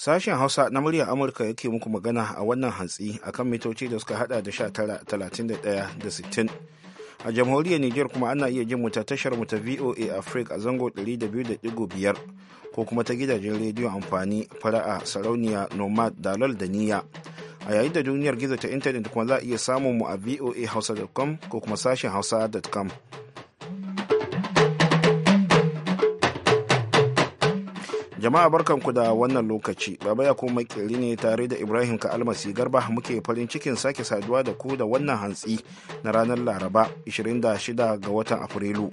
Sashen Hausa na murya Amurka yake muku magana a wannan hantsi akan mitoci da suka hada da tara talatin da 60. a jamhuriyar niger kuma ana iya jin ta tashar mu ta voa africa a zango 200.5 ko kuma ta gidajen rediyo amfani fara'a sarauniya nomad dalol da niyya a yayin da duniyar gizo ta intanet kuma za a iya samun mu a voa hausa.com ko kuma sashen hausa.com jama'a barkanku da wannan lokaci baba ya kuma ne tare da ibrahim ka almasi garba muke farin cikin sake saduwa da ku da wannan hantsi na ranar laraba 26 ga watan afrilu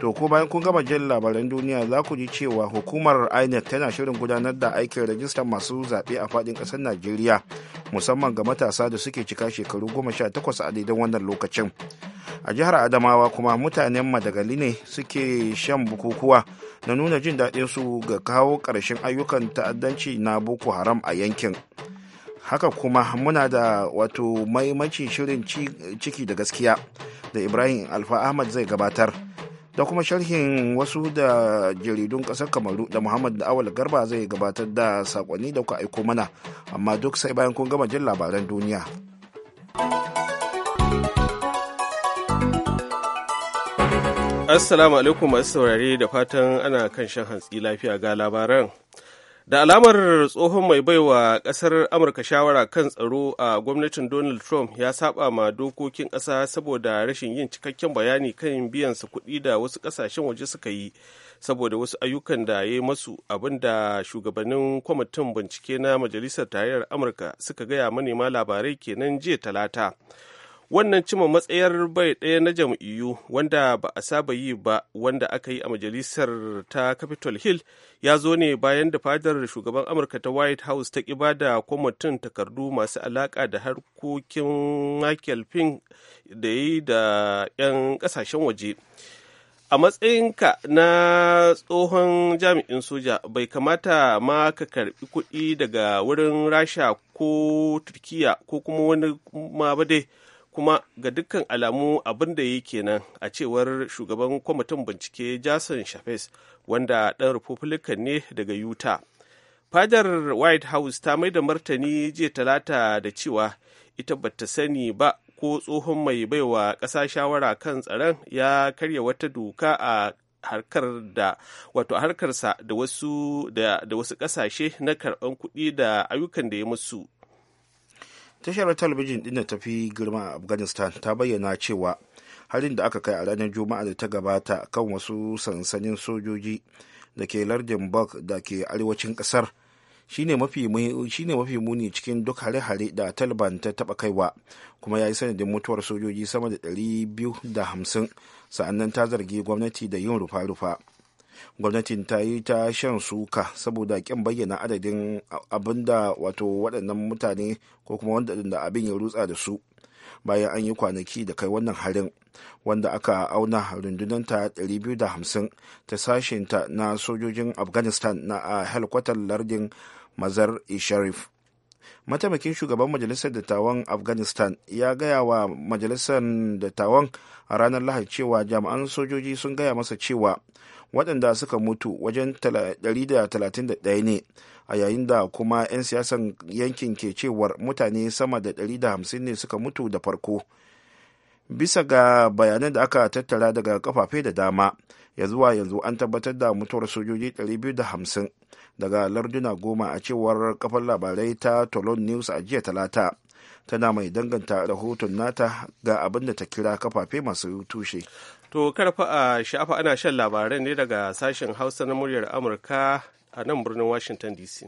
to ko bayan kun gama jin labaran duniya za ku ji cewa hukumar inec tana shirin gudanar da aikin rajistar masu zaɓe a faɗin ƙasar najeriya musamman ga matasa da suke cika shekaru goma sha takwas a daidan wannan lokacin a jihar adamawa kuma mutanen madagali ne suke shan bukukuwa na nuna jin daɗin su ga kawo ƙarshen ayyukan ta'addanci na boko haram a yankin haka kuma muna da wato maimacin shirin ciki da gaskiya da ibrahim alfa ahmad zai gabatar da kuma sharhin wasu da jaridun ƙasar kamaru da muhammad da awal garba zai gabatar da sakonni da kuka aiko mana amma duk sai bayan kun gama jin labaran duniya assalamu alaikum masu saurare da fatan ana kan shan hantsi lafiya ga labaran da alamar tsohon mai baiwa kasar amurka shawara kan tsaro a gwamnatin donald trump ya saba ma dokokin kasa saboda rashin yin cikakken bayani kan biyansa kuɗi da wasu ƙasashen waje suka yi saboda wasu ayyukan da ya yi masu abinda shugabannin kwamitin bincike na majalisar tarayyar amurka suka gaya manema labarai kenan jiya talata wannan cima matsayar bai ɗaya na jam'iyyu wanda ba a saba yi ba wanda aka yi a majalisar ta capitol hill ya zo ne bayan da fadar shugaban amurka ta white house ta ƙi bada kwamitin takardu masu alaka da harkokin michael pink da yi da 'yan ƙasashen waje a matsayinka na tsohon jami'in soja bai kamata ma ka karbi kuɗi daga wurin rasha ko turkiya ko kuma wani ma ba dai kuma ga dukkan alamu abin da yi kenan a cewar shugaban kwamitin bincike jason shafes wanda ɗan republican ne daga utah fadar white house ta mai da martani jiya talata da cewa ita bata sani ba ko tsohon mai baiwa ƙasa shawara kan tsaron ya karya wata doka a harkar da wato harkarsa da wasu da, ƙasashe na karɓan kuɗi da ayyukan da ya musu tashar talabijin din da ta fi girma a afghanistan ta bayyana cewa harin da aka kai a ranar juma'a da ta gabata kan wasu sansanin sojoji da ke lardin bok da ke arewacin ƙasar shine mafi muni cikin duk hare-hare da taliban ta taba kaiwa kuma ya yi sanadin mutuwar sojoji sama da 250 sa'annan ta zargi gwamnati da yin rufa-rufa gwamnatin ta yi ta shan suka saboda kyan bayyana adadin abin da wato waɗannan mutane ko kuma waɗanda abin ya rutsa da su bayan an yi kwanaki da kai wannan harin wanda aka auna ta 250 ta sashinta na sojojin afghanistan na a helikwatar lardin mazar sharif mataimakin shugaban majalisar dattawan afghanistan ya gaya wa majalisar dattawan a ranar lahadi cewa jami'an sojoji sun gaya masa cewa waɗanda suka mutu wajen 131 ne a yayin da kuma 'yan siyasan yankin ke cewar mutane sama da 150 ne suka mutu da farko bisa ga bayanan da aka tattara daga kafafe da dama ya zuwa yanzu an tabbatar da mutuwar sojoji 250 daga larduna goma a cewar kafar labarai ta tolon news a jiya talata tana mai danganta rahoton nata ga abin da ta kira kafafe masu tushe to karfa a shafa ana shan labarai ne daga sashen hausa na muryar amurka a nan birnin washington dc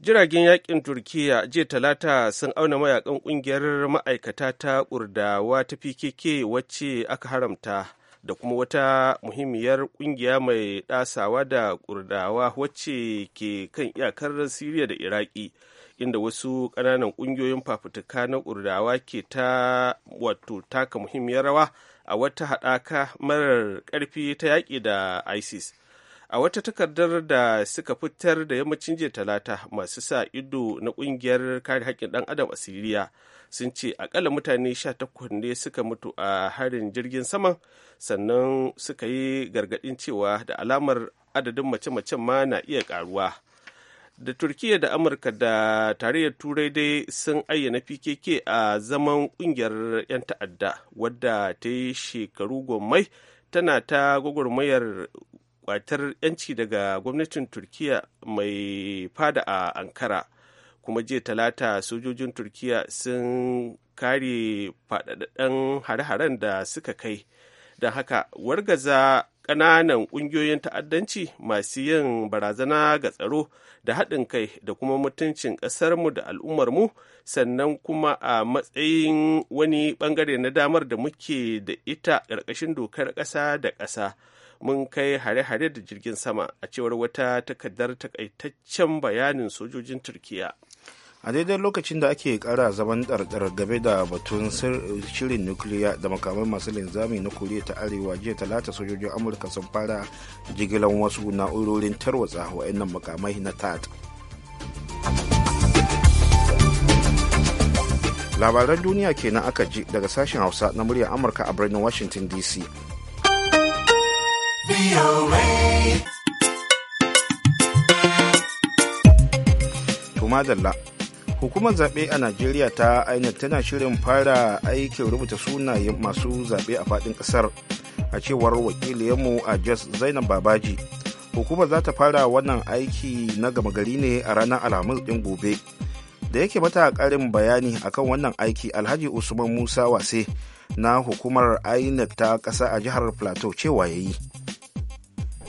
jiragen yakin turkiya jiya talata sun auna mayakan kungiyar ma'aikata ta kurdawa ta pkk wacce aka haramta da kuma wata muhimmiyar kungiya mai dasawa da kurdawa wacce ke kan iyakar siriya da iraki inda wasu kananan kungiyoyin fafutuka na kurdawa ke ta wato taka muhimmiyar rawa a wata haɗaka marar ƙarfi ta yaƙi da isis a wata takardar da suka fitar da yammacin jiya talata masu sa ido na kungiyar kare haƙƙin ɗan adam a siriya sun ce akalla mutane sha takwas ne suka mutu a harin jirgin saman sannan suka yi gargaɗin cewa da alamar adadin mace-macen ma na iya ƙaruwa da Turkiyya da amurka da tarayyar turai dai sun ayyana pkk a zaman kungiyar 'yan ta'adda wadda ta yi shekaru gommai tana ta gwagwarmayar kwatar 'yanci daga gwamnatin turkiya mai fada a ankara kuma jiya talata sojojin turkiya sun kare faɗaɗɗen hare-haren da suka kai don haka wargaza ƙananan ƙungiyoyin ta'addanci masu yin barazana ga tsaro da haɗin kai da kuma mutuncin ƙasarmu da al'ummarmu sannan kuma a matsayin wani ɓangare na damar da muke da ita ƙarƙashin dokar ƙasa da ƙasa mun kai hare-hare da jirgin sama a cewar wata takardar takaitaccen bayanin sojojin turkiya a daidai lokacin da ake kara zaman ɗarɗar game da batun shirin nukiliya da makamai masu linzami na koriya ta arewa jiya talata sojojin amurka sun fara jigilan wasu na'urorin tarwatsa wa'annan makamai na tat labaran duniya kenan aka ji daga sashen hausa na muryar amurka a birnin washington dc Tumadalla Hukumar zaɓe a Najeriya ta INEC tana shirin fara aikin rubuta sunayen masu zaɓe a faɗin ƙasar a cewar wakiliyanmu a Jos Zainab Babaji. Hukumar za ta fara wannan aiki na gama gari ne a ranar Alhamis ɗin gobe. da yake mata ƙarin bayani akan wannan aiki alhaji usman musa wase na hukumar inec ta ƙasa a jihar plateau cewa ya yi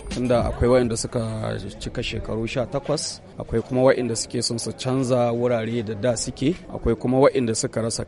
tunda akwai wayanda suka cika shekaru sha takwas akwai kuma wayanda suke sun su canza wurare da da suke akwai kuma wayanda suka rasa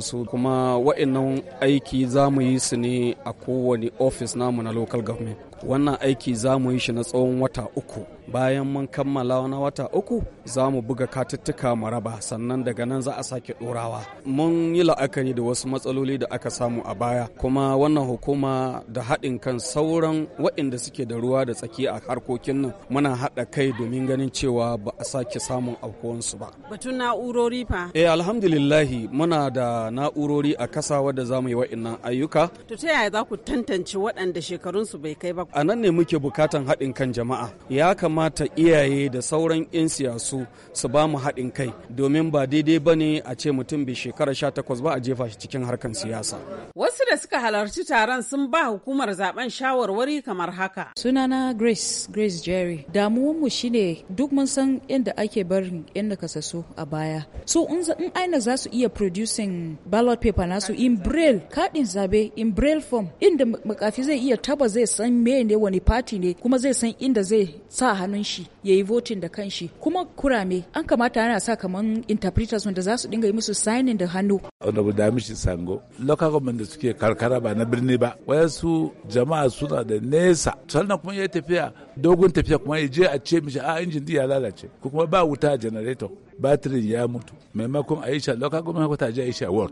su. kuma wayannan aiki za mu yi su ne a kowane ofis namu na local government wannan aiki za mu yi shi na tsawon wata uku bayan mun kammala na wata uku za mu buga katuttuka mu raba sannan daga nan za a sake ɗorawa mun yi la'akari da wasu matsaloli da aka samu a baya kuma wannan hukuma da haɗin kan sauran waɗanda suke da ruwa da tsaki a harkokin nan muna haɗa kai domin ganin cewa ba a sake samun aukuwansu ba batun na'urori fa eh alhamdulillah muna da na'urori a kasa wadda za mu yi wa'innan ayyuka to ta yaya za ku tantance waɗanda shekarunsu bai kai ba a nan ne muke bukatan haɗin kan jama'a ya kama. kamata iyaye da sauran 'yan siyasu su ba mu haɗin kai domin ba daidai ba ne a ce mutum bai shekara sha takwas ba a jefa shi cikin harkan siyasa. Wasu da suka halarci taron sun ba hukumar zaben shawarwari kamar haka. Sunana Grace, Grace Jerry. mu shine duk mun san inda ake barin 'yan nakasassu a baya. So in aina za su iya producing ballot paper nasu in braille, kaɗin zabe in braille form inda makafi zai iya taba zai san me ne wani fati ne kuma zai san inda zai sa hannun shi ya yi voting da kanshi kuma kurame an kamata ana sa kamar interpreters wanda za su dinga yi musu signing da hannu honorable mishi sango local government da suke karkara ba na birni ba su jama'a suna da nesa sannan kuma ya tafiya dogon tafiya kuma ya je a ce mishi a ah, injin ya lalace ko kuma ba wuta a generator batirin ya mutu maimakon aisha local government kwata je aisha suna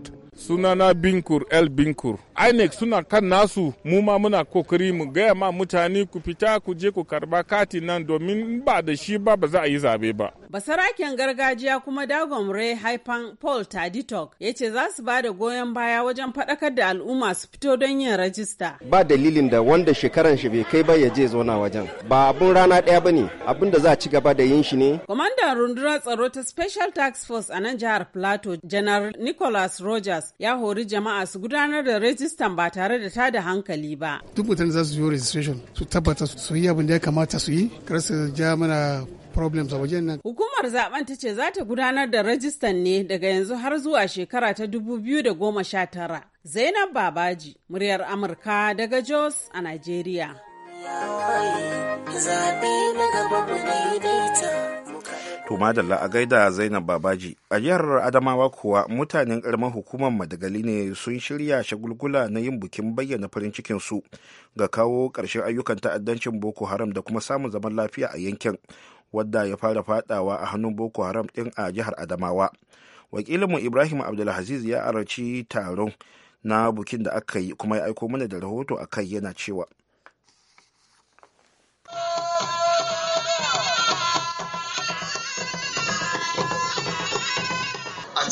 sunana binkur el binkur inec suna kan nasu mu ma muna kokari mu gaya ma mutane ku fita ku je ku karba kati nan domin ba da shi ba ba za a yi zabe ba basaraken gargajiya kuma dagon rai haifan paul taditok ya ce za su ba da goyon baya wajen faɗakar da al'umma su fito don yin rajista ba dalilin da wanda shekaran shi bai kai ba ya je zauna wajen ba abun rana ɗaya ba ne abun da za a ci gaba da yin shi ne kwamandan rundunar tsaro ta Special Tax Force a nan jihar Plateau, Janar Nicholas Rogers ya hori jama'a su gudanar da rajistan ba tare da tada hankali ba. Duk mutane za su yi registration su tabbata su yi abin da ya kamata su yi, kar su ja mana problems a wajen nan. Hukumar zaben ta ce za ta gudanar da rajistan ne daga yanzu har zuwa shekara ta 2019. Zainab Babaji, muryar Amurka daga Jos a Najeriya. Zaɓe na gaba ku daidaita. To madalla a gaida Zainab Babaji. A jihar Adamawa kuwa mutanen karamar hukumar Madagali ne sun shirya shagulgula na yin bukin bayyana farin cikin su ga kawo ƙarshen ayyukan ta'addancin Boko Haram da kuma samun zaman lafiya a yankin wadda ya fara fadawa a hannun Boko Haram ɗin a jihar Adamawa. Wakilinmu Ibrahim Abdulhaziz ya araci taron na bukin da aka yi kuma ya aiko mana da rahoto a kai yana cewa.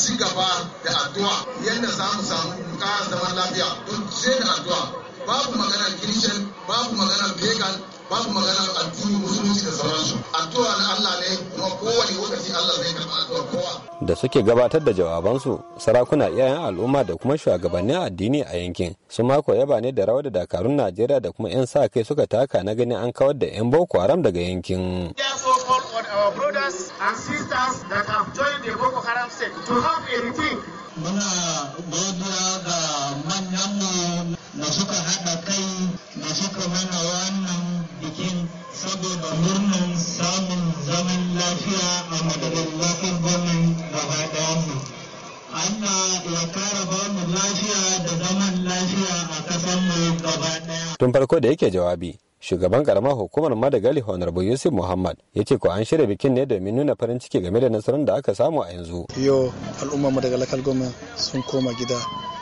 ci gaba da addu'a yadda za mu samu ƙara zaman lafiya don sai da addu'a babu magana kirishin babu magana vegan babu magana addini musulunci da sauransu addu'a na Allah ne kuma kowane lokaci Allah zai karɓi addu'ar kowa da suke gabatar da jawabansu sarakuna iyayen al'umma da kuma shugabannin addini a yankin su mako yaba ne da rawar da dakarun Najeriya da kuma 'yan sa kai suka taka na ganin an kawar da 'yan Boko Haram daga yankin. Muna godiya ga manyanmu da suka haɗa kai da suka mana wannan bikin saboda murnan samun zaman lafiya a madadin lafiyar gwamnan gaba ɗayanmu. Allah ya kara ba mu lafiya da zaman lafiya a ƙasarmu gaba ɗaya. Tun farko da yake jawabi, shugaban karamar hukumar madagali honorable yusuf muhammad ya ce ko an shirya bikin ne domin nuna farin ciki game da nasarar da aka samu a yanzu yau al'umma madagali kalgoma sun koma gida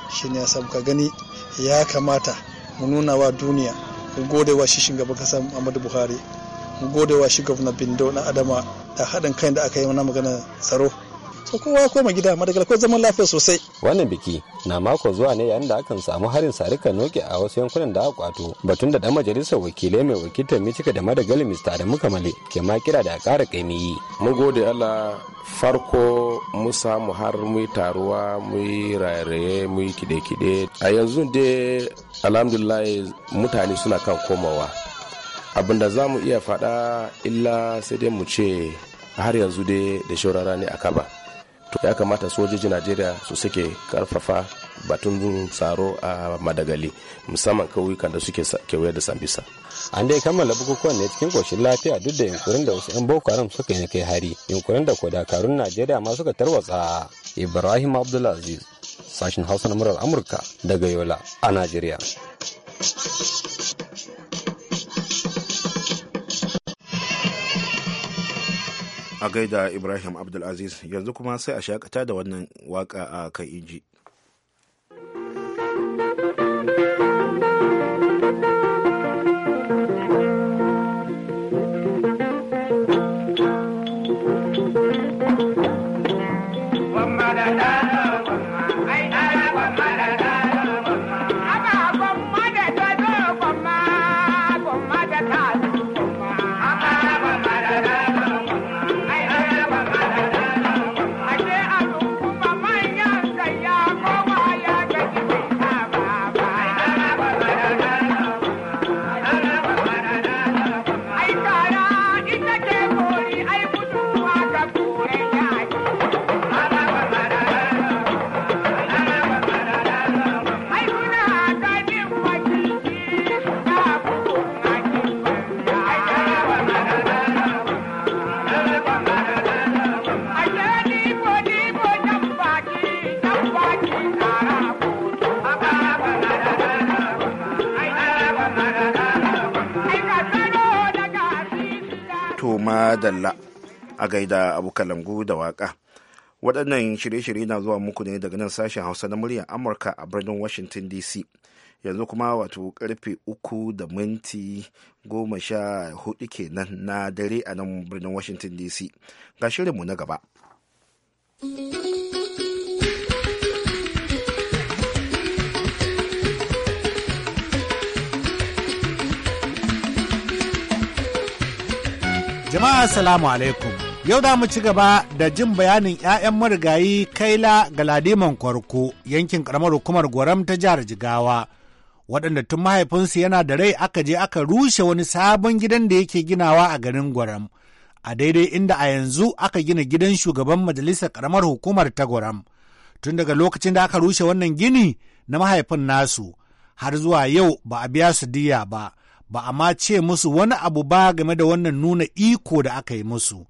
shi ne ya ka gani ya kamata mu nuna wa duniya mu gode wa shi shugaban kasa muhammadu buhari mu gode wa shi gwamna bindo na adama da haɗin kai da aka yi mana magana tsaro ko kowa koma gida madagal ko zaman lafiya sosai wannan biki na mako zuwa ne yayin da akan samu harin sarika noke a wasu yankunan da aka kwato batun da dan majalisar wakilai mai wakiltar cika da madagal mr adamu kamale ke ma kira da ƙara kaimiyi Mu gode allah farko mu samu har mu taruwa mu raye-raye mu kide-kide a yanzu dai alhamdulillah mutane suna kan komawa abinda za mu iya faɗa illa sai dai mu ce har yanzu dai da shaurara ne a kaba to ya kamata sojojin najeriya su suke karfafa batun tsaro a madagali musamman kauyukan da suke kewaye da sambisa an dai kammala bukukuwan ne cikin koshin lafiya duk da yunkurin da wasu 'yan boko haram suka yi kai hari yunkurin da kodakarun najeriya ma suka tarwatsa ibrahim abdulaziz sashen hausa na murar amurka daga yola a najeriya a gaida ibrahim abdulaziz yanzu kuma sai a shakata da wannan waka a kan inji dalla a gaida abu kalangu da waka waɗannan shirye-shirye na zuwa muku ne daga nan sashen hausa na muryar amurka a birnin washington dc yanzu kuma wato karfe uku da minti goma sha hudu kenan na dare a nan birnin washington dc ga shirinmu na gaba Jama'a salamu alaikum. Yau da mu ci gaba da jin bayanin 'ya'yan marigayi Kaila ga Ladiman Kwarko yankin karamar hukumar Gwaram ta jihar Jigawa. Waɗanda tun mahaifinsu yana da rai aka je aka rushe wani sabon gidan da yake ginawa a garin Gwaram. A daidai inda a yanzu aka gina gidan shugaban majalisar karamar hukumar ta Gwaram. Tun daga lokacin da aka rushe wannan gini na mahaifin nasu har zuwa yau ba a biya su diya ba. ba a ma ce musu wani abu ba game da wannan nuna iko da aka yi musu.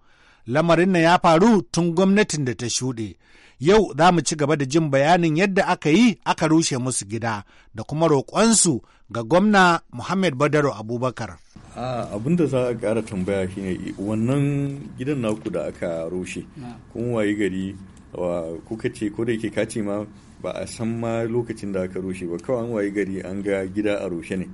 Lamarin na ya faru tun gwamnatin da ta shuɗe. Yau za mu ci gaba da jin bayanin yadda aka yi aka rushe musu gida da kuma roƙonsu ga gwamna Muhammad Badaro Abubakar. abin da za a ƙara tambaya shine wannan gidan naku da aka rushe kuma wayi gari kuka ce ko da yake kace ma ba a san ma lokacin da aka rushe ba kawai an wayi gari an ga gida a rushe ne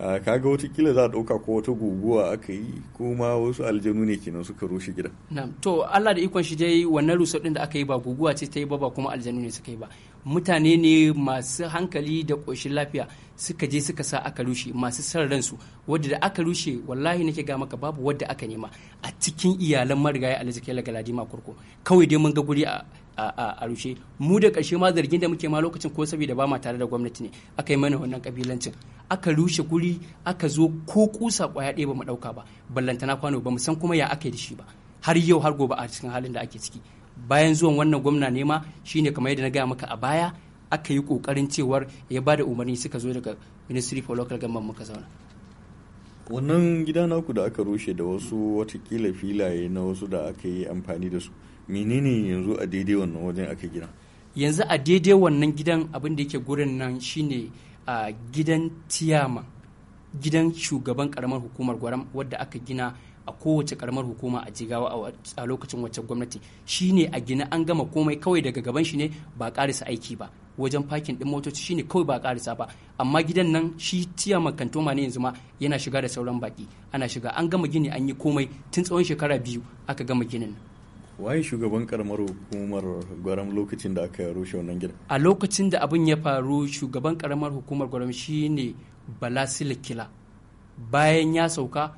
kaga watakila za a ɗauka ko wata guguwa aka yi kuma wasu aljanu ne kenan suka rushe gidan to allah da ikon shi dai wannan rusa ɗin da aka yi ba guguwa ce ta yi ba ba kuma aljanu ne suka yi ba mutane ne masu hankali da ƙoshin lafiya suka je suka sa aka rushe masu san ransu wadda da aka rushe wallahi nake ga maka babu wadda aka nema a cikin iyalan marigayi alhaji kai ma kurko kawai dai mun ga guri a a rushe mu da ƙarshe ma zargin da muke ma lokacin ko saboda ba ma tare da gwamnati ne aka yi mana wannan kabilancin aka rushe guri aka zo ko kusa kwaya ɗaya ba mu ɗauka ba ballantana kwano ba mu san kuma ya aka yi da shi ba har yau har gobe a cikin halin da ake ciki bayan zuwan wannan gwamna ne ma shine kamar yadda na gaya maka a baya aka yi kokarin cewar ya bada umarni suka zo daga ministry for local government muka zauna wannan gida naku da aka rushe da wasu watakila filaye na wasu da aka yi amfani da su menene yanzu a daidai wannan wajen ake gina yanzu a daidai wannan gidan abin da yake gurin nan shine a gidan tiyama gidan shugaban karamar hukumar gwaram wadda aka gina a kowace karamar hukuma a jigawa a lokacin wacce gwamnati shine a gina an gama komai kawai daga gaban shi ne ba karisa aiki ba wajen fakin din motoci shine kawai ba karisa ba amma gidan nan shi tiya makantoma ne yanzu ma yana shiga da sauran baki ana shiga an gama gini an yi komai tun tsawon shekara biyu aka gama ginin waye shugaban karamar hukumar gwaram lokacin da aka rushe wannan gidan a lokacin da abin ya faru shugaban karamar hukumar gwaram shine bala silikila bayan ya sauka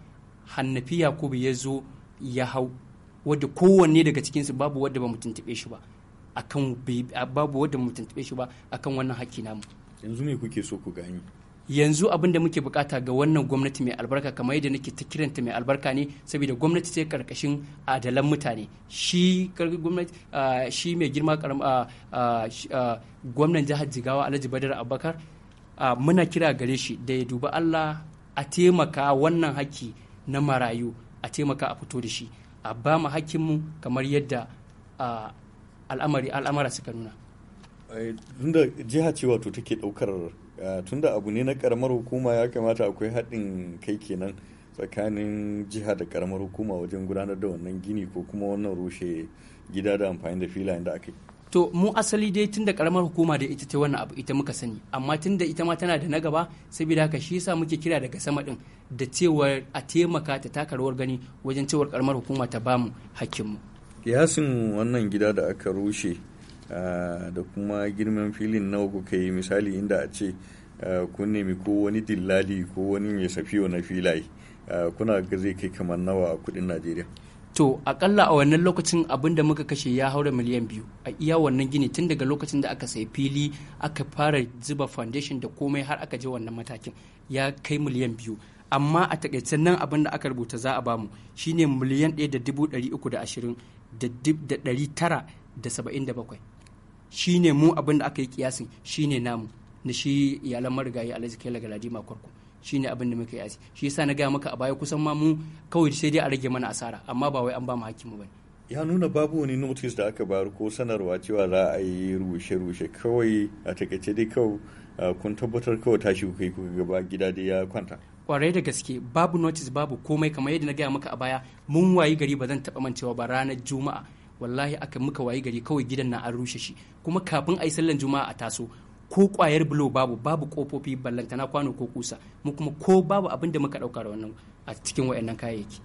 hannafi yakubu ya zo ya hau wadda kowanne daga cikinsu babu wadda ba mu shi ba akan babu wadda mu shi ba akan wannan haƙƙi namu yanzu me kuke so ku gani yanzu abin da muke bukata ga wannan gwamnati mai albarka kamar yadda nake ta kiranta mai albarka ne saboda gwamnati ce karkashin adalan mutane shi gwamnati mai girma gwamnan jihar jigawa alhaji badar abubakar muna kira gare shi da ya duba allah a taimaka wannan haki na marayu a taimaka a fito da shi a ba mu hakkinmu kamar yadda al'amari al'amara suka nuna tunda jiha ce wato take daukar Eh, tunda abu ne na karamar hukuma ya kamata akwai haɗin kai kenan tsakanin jiha da karamar hukuma wajen gudanar da wannan gini ko kuma wannan rushe gida da amfani da filayen da aka yi to mu asali dai tunda da karamar hukuma da ita ce wannan abu ita muka sani amma tunda ita ma tana da na gaba saboda haka shi yasa muke kira daga sama din da cewar a taimaka ta taka rawar gani wajen cewar karamar hukuma ta bamu hakkinmu yasin wannan gida da aka rushe da kuma girman filin nawa kuka yi misali inda a ce kun nemi ko wani dillali ko wani mai safiyo na filaye kuna ga zai kai kamar nawa a kudin najeriya to akalla a wannan lokacin abin da muka kashe ya haura miliyan biyu a iya wannan gini tun daga lokacin da aka sai fili aka fara zuba foundation da komai har aka je wannan matakin ya kai miliyan biyu amma a takaicen nan abin da aka rubuta za a bamu shine miliyan ɗaya da dubu da ashirin da ɗari tara da saba'in da shi ne mu abin da aka yi kiyasin ne namu na shi iyalan marigayi alhaji kai lagaladi makwarko ne abin da muka yi asi shi yasa na gaya maka a baya kusan ma mu kawai sai dai a rage mana asara amma ba wai an ba mu mu bane ya nuna babu wani notice da aka bayar ko sanarwa cewa za a yi rushe-rushe kawai a takaice dai kawai kun tabbatar kawai tashi kuka yi kuka gaba gida dai ya kwanta kwarai da gaske babu notice babu komai kamar yadda na gaya maka a baya mun wayi gari ba zan taɓa mancewa ba ranar juma'a wallahi aka muka wayi gari kawai gidan na an rushe shi kuma kafin a yi sallan juma'a a taso ko kwayar bulo babu babu kofofi ballantana kwano ko kusa mu kuma ko babu abin da muka dauka wannan a cikin wayannan kayayyaki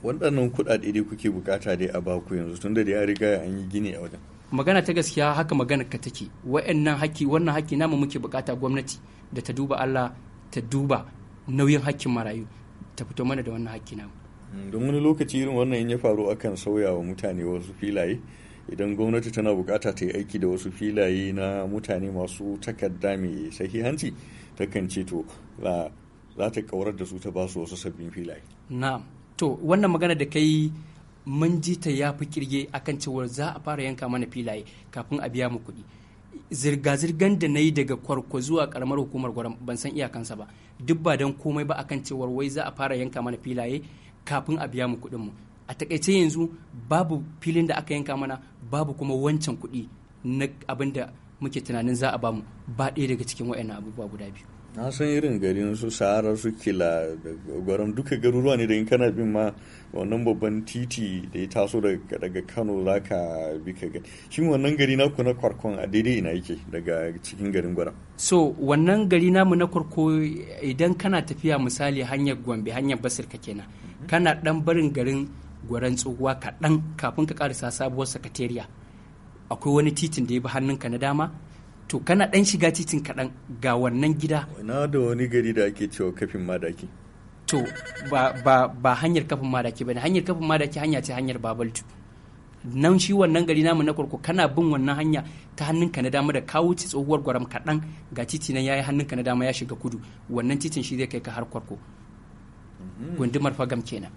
waɗannan kuɗaɗe dai kuke bukata dai a baku yanzu tunda da ya riga an yi gini a wajen magana ta gaskiya haka magana ka take wayannan haki wannan haki namu muke bukata gwamnati da ta duba Allah ta duba nauyin hakkin marayu ta fito mana da wannan hakki namu Mm, don wani lokaci irin wannan in ya faru akan sauya wa mutane wasu filaye idan gwamnati tana bukata ta yi aiki da wasu filaye na mutane masu takarda mai sahihanci takan ce to za ta kaurar da su ta basu wasu sabbin filaye na'am to wannan magana da kai mun ji ta ya fi kirge akan cewar za a fara yanka mana filaye kafin a biya mu kuɗi zirga-zirgan da na yi daga kwarko zuwa karamar hukumar gwaram ban san iyakansa ba duk ba don komai ba akan cewar wai za a fara yanka mana filaye kafin a biya mu kuɗin mu a takaice yanzu babu filin da aka yanka mana babu kuma wancan kuɗi na abin da muke tunanin za a ba mu ba ɗaya daga cikin wa'annan abubuwa guda biyu na san irin gari su sahara su kila da gwaram duka garuruwa ne da in kana bin ma wannan babban titi da ya taso daga kano za ka bi ka gani shin wannan gari na ku na kwarkon a daidai ina yake daga cikin garin gwaram so wannan gari namu na kwarko idan kana tafiya misali hanyar gombe hanyar basirka kenan kana dan barin garin gwaran tsohuwa kaɗan kafin ka karisa sabuwar sakatariya akwai wani titin da ya bi hannunka na dama to kana dan shiga titin kaɗan ga wannan gida na da wani gari da ake cewa kafin madaki to ba, hanyar kafin madaki ba ne hanyar kafin madaki hanya ce hanyar babaltu nan shi wannan gari namu na kurku kana bin wannan hanya ta hannunka na dama da kawo ci tsohuwar gwaram kaɗan ga titi nan yi hannunka na dama ya shiga kudu wannan titin shi zai kai ka har kwarko Mhm. gundumar fagam kenan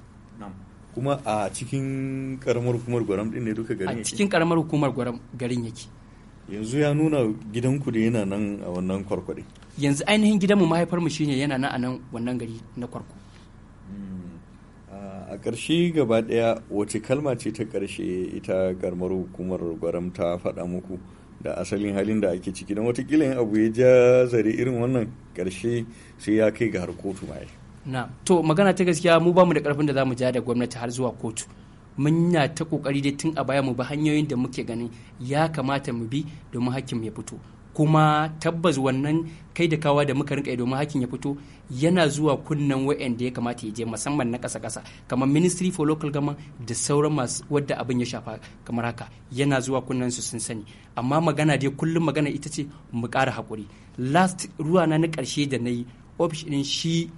kuma a cikin karamar hukumar gwaram din ne duka garin a cikin karamar hukumar gwaram garin yake yanzu ya nuna gidanku da yana nan a wannan kwarkwade yanzu ainihin gidanmu mahaifar mu shine yana nan a nan wannan gari na kwarko hmm. a ƙarshe gaba ɗaya wace kalma ce ta ƙarshe ita karamar hukumar gwaram ta faɗa muku da asalin halin da ake ciki don watakila yin abu ya ja zare irin wannan ƙarshe sai ya kai ga har kotu na to magana ta gaskiya mu bamu da karfin da zamu ja da gwamnati har zuwa kotu mun ta kokari dai tun a baya mu bi hanyoyin da muke ganin ya kamata mu bi domin hakkin ya fito kuma tabbas wannan kai da kawa da muka rinka domin hakin ya fito yana zuwa kunnen wa'anda ya kamata ya je musamman na ƙasa ƙasa kamar ministry for local government da sauran masu wadda abin ya shafa kamar haka yana zuwa kunnen su sun sani amma magana dai kullum magana ita ce mu ƙara haƙuri last ruwa na na ƙarshe da na yi ofishin shi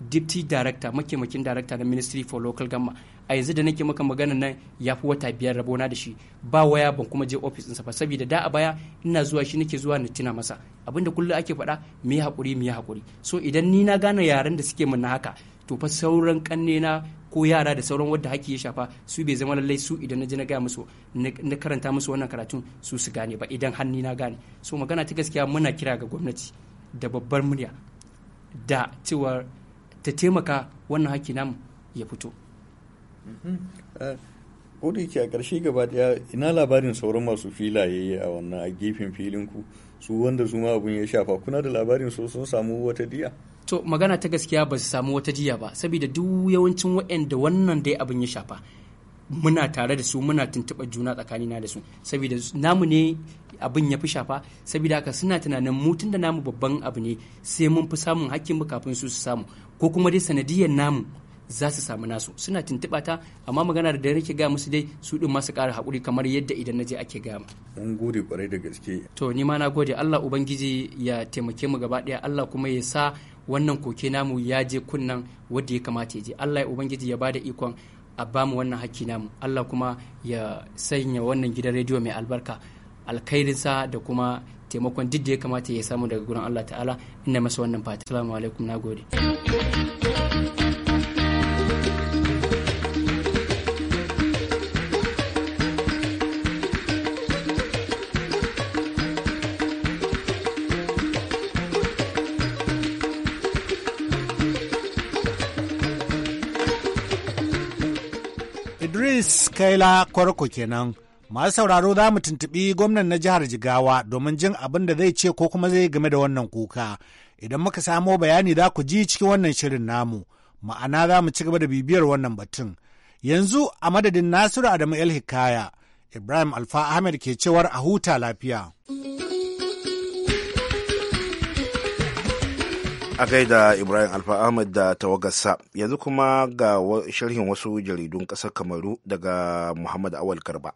deputy director makemakin director na ministry for local government a yanzu da nake maka magana nan ya fi wata biyar rabona da shi ba waya ban kuma je office ɗinsa ba saboda da a baya ina zuwa shi nake zuwa na tuna masa abinda kullum ake faɗa mu yi haƙuri mu yi haƙuri so idan ni na gane yaren da suke min na haka to fa sauran kanne na ko yara da sauran wadda hake ya shafa su bai zama lallai su idan na je na gaya musu na karanta musu wannan karatun su su gane ba idan hanni na gane so magana ta gaskiya muna kira ga gwamnati da babbar murya da cewar ta taimaka wannan haƙƙi namu ya fito mhm. eh, da ke a ƙarshe gaba ɗaya ina labarin sauran masu filaye a wannan a gefen filin su wanda su ma abun ya shafa kuna da labarin so sun samu wata jiya. to magana ta gaskiya ba su samu wata jiya ba saboda duk yawancin waɗanda wannan dai abin ya shafa muna tare da su muna tuntuɓa juna tsakanina da su saboda namu ne abin ya fi shafa saboda haka suna tunanin mutun da namu babban abu ne sai mun fi samun hakkin mu kafin su su samu ko kuma dai sanadiyar namu za su samu nasu suna tuntuɓa ta amma magana da nake ga musu dai su din masu ƙara haƙuri kamar yadda idan na je ga mu Mun gode kwarai da gaske. To ni ma na gode Allah Ubangiji ya taimake mu gaba ɗaya Allah kuma ya sa wannan koke namu ya je kunnan wanda ya kamata ya je Allah ya Ubangiji ya bada ikon a mu wannan haƙƙi namu Allah kuma ya sanya wannan gidan rediyo mai albarka alkhairinsa da kuma taimakon duk da ya kamata ya samu daga gurin Allah ta'ala ina masa wannan fata assalamu alaikum nagode Mikaila Kwarko kenan. Masu sauraro za mu tuntuɓi gwamnan na jihar Jigawa domin jin abin da zai ce ko kuma zai game da wannan kuka. Idan muka samo bayani za ku ji cikin wannan shirin namu, ma'ana za mu ci gaba da bibiyar wannan batun. Yanzu a madadin Nasiru Adamu El Hikaya, Ibrahim Alfa Ahmed ke cewar a huta lafiya. a gaida ibrahim alfa ahmad da tawagarsa yanzu kuma ga sharhin wasu jaridun kasar kamaru daga muhammad awal karba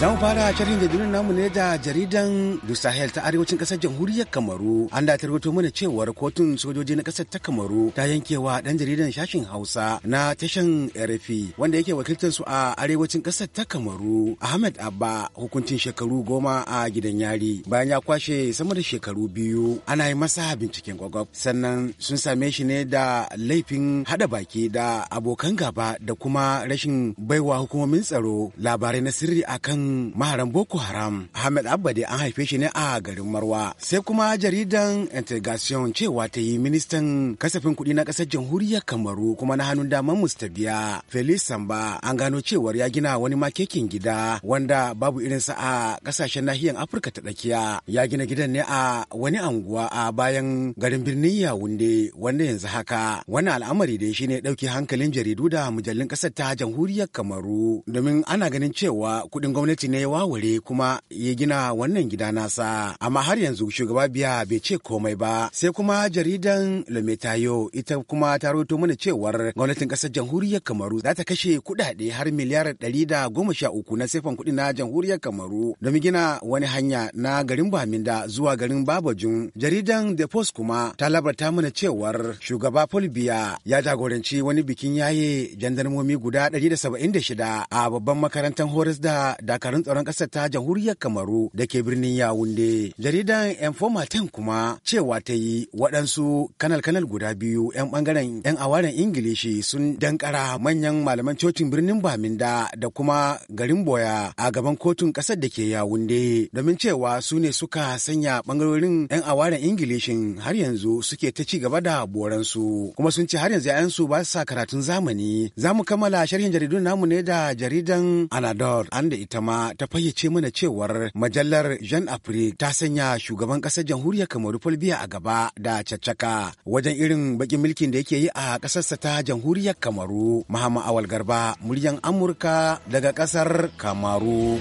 Za mu fara shirin jaridun namu ne da jaridan Du Sahel ta arewacin kasar jamhuriyar Kamaru. An da tarwato mana cewar kotun sojoji na kasar ta Kamaru ta yankewa dan jaridan shashin Hausa na tashan RFI wanda yake wakiltar su a arewacin kasar ta Kamaru Ahmed Abba hukuncin shekaru goma a gidan yari bayan ya kwashe sama da shekaru biyu ana yi masa binciken gwagwab sannan sun same shi ne da laifin hada baki da abokan gaba da kuma rashin baiwa hukumomin tsaro labarai na sirri akan maharan Boko Haram. Ahmed Abba an haife shi ne a garin Marwa. Sai kuma jaridan Integration cewa ta yi ministan kasafin kuɗi na ƙasar jamhuriyar Kamaru kuma na hannun daman Mustabiya Felix Samba an gano cewar ya gina wani makekin gida wanda babu irinsa a kasashen nahiyar Afirka ta tsakiya. Ya gina gidan ne a wani anguwa a bayan garin birnin Yawunde wanda yanzu haka wannan al'amari dai shine ɗauki hankalin jaridu da mujallun ƙasar ta jamhuriyar Kamaru domin ana ganin cewa kudin gwamnati gwamnati ne ya kuma ya gina wannan gida nasa amma har yanzu shugaba biya bai ce komai ba sai kuma jaridan lometayo ita kuma ta roto mana cewar gwamnatin kasar jamhuriyar kamaru za ta kashe kudade har miliyar ɗari da goma sha uku na sefan kuɗi na jamhuriyar kamaru domin gina wani hanya na garin baminda zuwa garin babajun jaridan the post kuma ta labarta mana cewar shugaba paul biya ya jagoranci wani bikin yaye jandarmomi guda da da saba'in shida. a babban makarantar horas da dakarun tsaron ƙasar ta jamhuriyar kamaru da ke birnin yawunde jaridan informaten kuma cewa ta yi waɗansu kanal-kanal guda biyu 'yan ɓangaren 'yan awaren ingilishi sun dankara manyan malaman cocin birnin baminda da kuma garin boya a gaban kotun ƙasar da ke yawunde domin cewa su ne suka sanya ɓangarorin 'yan awaren ingilishin har yanzu suke ta ci gaba da boransu kuma sun ce har yanzu 'ya'yansu ba sa karatun zamani za mu kammala sharhin jaridun namu ne da jaridan anadol an da ita ma kuma ta fayyace mana cewar majallar Jean Afrique ta sanya shugaban ƙasar jamhuriyar Kamaru Folbiya a gaba da caccaka wajen irin bakin mulkin da yake yi a ƙasarsa ta jamhuriyar Kamaru. Muhammad Awal Garba, muryan Amurka daga ƙasar Kamaru.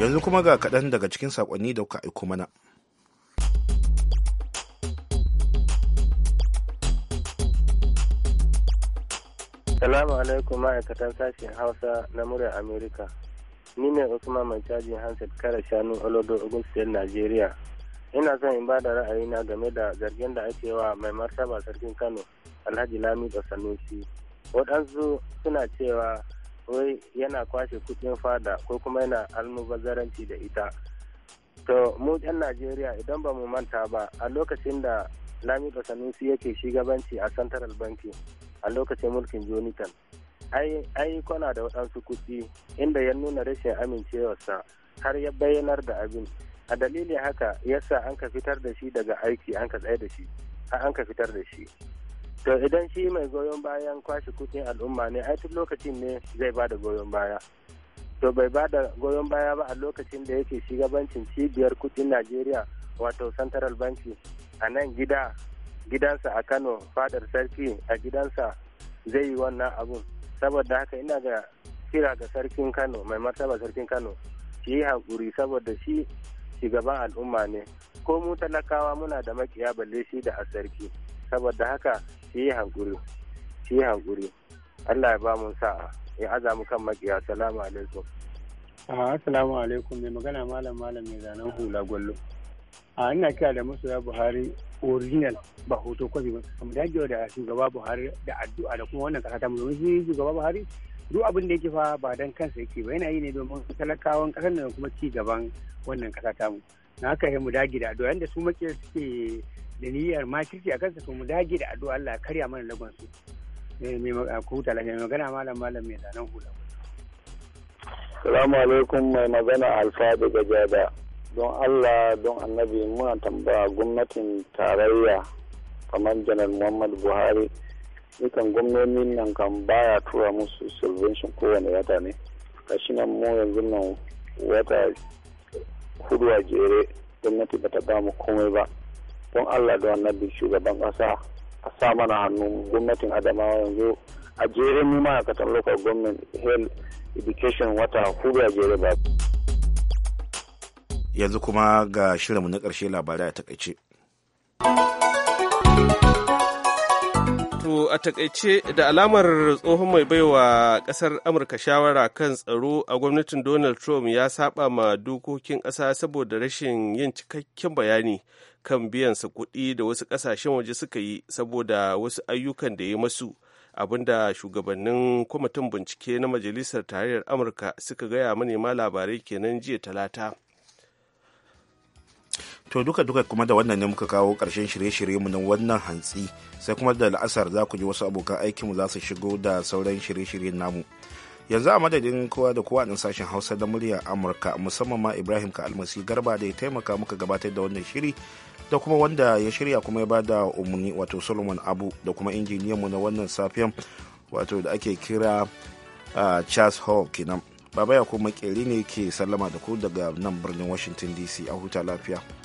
Yanzu kuma ga kaɗan daga cikin saƙonni da kuka aiko mana. Salamu alaikum ma'aikatan sashen Hausa na muryar Amerika. Ni ne Usman mai cajin handset kare shanu Olodo Ogun State Najeriya. Ina son in bada ra'ayina game da zargin da ake wa mai martaba sarkin Kano Alhaji Lamido Sanusi. Waɗansu suna cewa wai yana kwashe kuɗin fada ko kuma yana almubazzaranci da ita. To mu ɗan Najeriya idan ba mu manta ba a lokacin da Lamido Sanusi yake shugabanci a Central Banking a lokacin mulkin jonathan ai kwana da waɗansu kuɗi inda ya nuna rashin amincewarsa har ya bayyanar da abin a dalilin haka yasa an ka fitar da shi daga aiki an ka tsaye da shi an ka fitar da shi to idan shi mai goyon bayan kwashe kuɗin al'umma ne ai tun lokacin ne zai ba da goyon baya to bai ba da goyon baya ba a lokacin da yake shugabancin cibiyar kuɗin najeriya wato central banki a nan gida gidansa a kano fadar sarki a gidansa zai yi wannan abun saboda haka ina ga kira ga sarkin kano mai martaba sarkin kano shi yi hankuri saboda shi shugaban al'umma ne ko mu talakawa muna da makiya balle shi da a sarki saboda haka shi yi hankuri shi yi hankuri allah ya ba mu sa'a ya aza mu kan makiya salamu alaikum assalamu alaikum mai magana malam malam mai zanen hula gwallo a ina kira da masoya buhari original ba hoto kwabi ba mu dagewa da shugaba buhari da addu'a da kuma wannan kasa ta mu shi shugaba buhari duk abin da yake fa ba dan kansa yake ba yana yi ne domin talakawan kasar nan kuma ci gaban wannan kasa ta mu na haka mu dage da addu'a yanda su muke suke da niyyar kirki a kansa to mu dage da addu'a Allah karya mana lagon su eh, mai kuta lafiya mai magana malam malam mai zanen hula Salamu alaikum mai magana alfa daga jada. don allah don annabi muna tambaya gwamnatin tarayya kamar janar muhammadu buhari dukan gwamnoni nan kan baya tura musu subvention kowane wata ne kashi nan mu yanzu nan wata hudu a jere gwamnati bata ba mu komai ba don allah don annabi shugaban kasa a sa hannu gwamnatin adamawa yanzu a jere mu ma'aikatan local government health education wata hudu a jere ba yanzu kuma ga shirinmu na ƙarshe labarai a takaice. a takaice da alamar tsohon mai baiwa ƙasar Amurka shawara kan tsaro a gwamnatin Donald Trump ya saba ma dokokin ƙasa saboda rashin yin cikakken bayani kan biyan sa kuɗi da wasu ƙasashen waje suka yi saboda wasu ayyukan da ya masu abinda shugabannin kwamitin bincike na majalisar tarayyar amurka suka gaya manema labarai kenan jiya talata to duka duka kuma da wannan ne muka kawo karshen shirye mu na wannan hantsi sai kuma da la'asar za ku ji wasu abokan mu za su shigo da sauran shirye-shiryen namu yanzu a madadin kowa da kowa a sashen hausa da muryar amurka musamman ma ibrahim ka almasi garba da ya taimaka muka gabatar da wannan shiri da kuma wanda ya shirya kuma ya bada umarni wato solomon abu da kuma injiniyan mu na wannan safiyan wato da ake kira charles hall kenan baba ya kuma ne ke sallama da ku daga nan birnin washington dc a huta lafiya